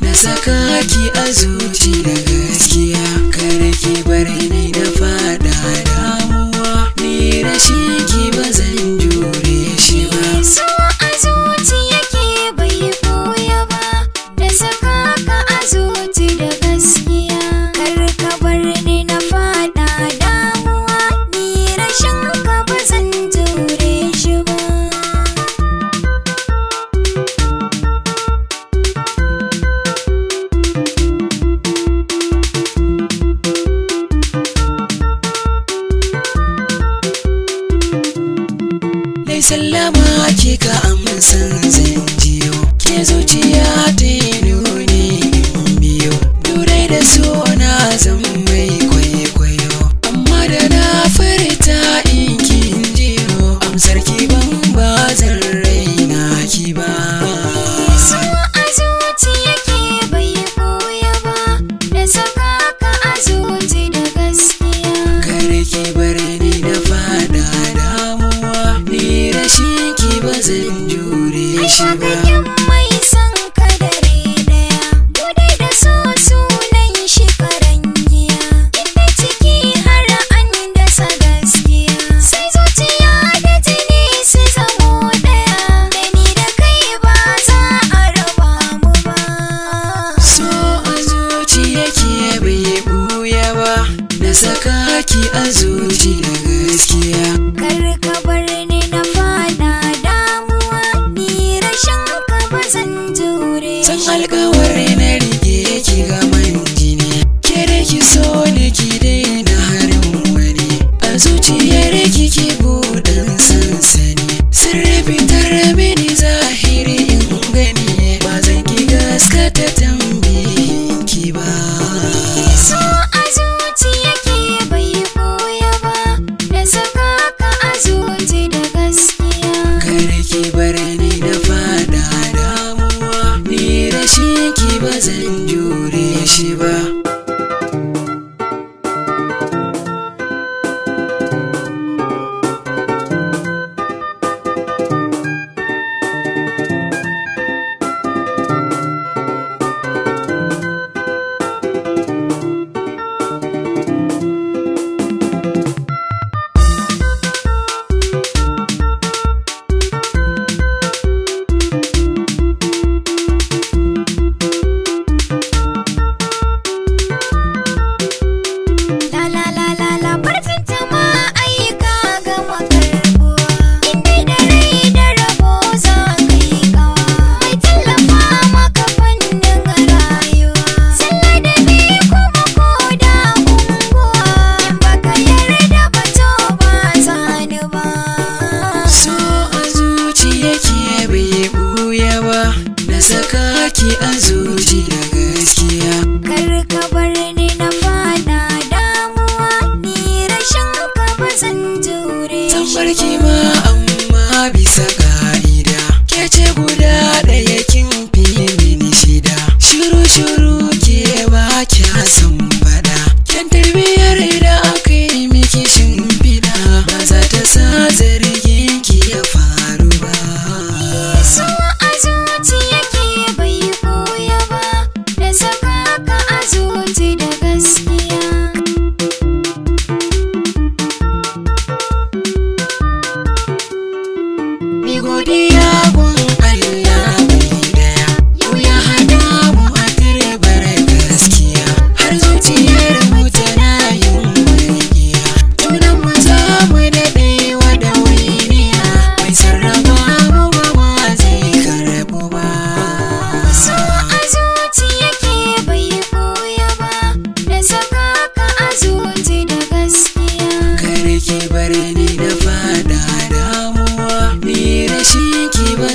na saka ki a zuci da gaskiya kada ki bar ni na fada damuwa ni rashin ki bazan jure sallama ake ka amsan zan jiyo ke zuciya ta yi nuni biyo durai da so na zama she been saka ki a zuciya gaskiya Karka bar ni na fada damuwa ni rashin ka ba zan jure zan ma amma bisa ka'ida ke ce guda ɗaya kin fi mini shida shiru shuru ke ba kya san bada kyan tarbiyar da aka yi miki shimfiɗa ba za ta sa zare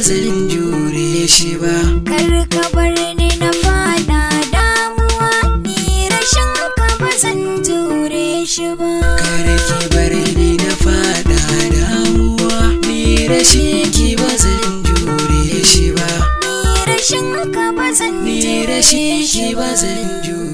sanin jure shi ba kar ka bar ni na fada damuwa ni rashin ka ba zan jure shi ba kar ki bar ni na fada damuwa ni rashin ki ba zan jure shi ba ni rashin ka ba zan jure shi ba jure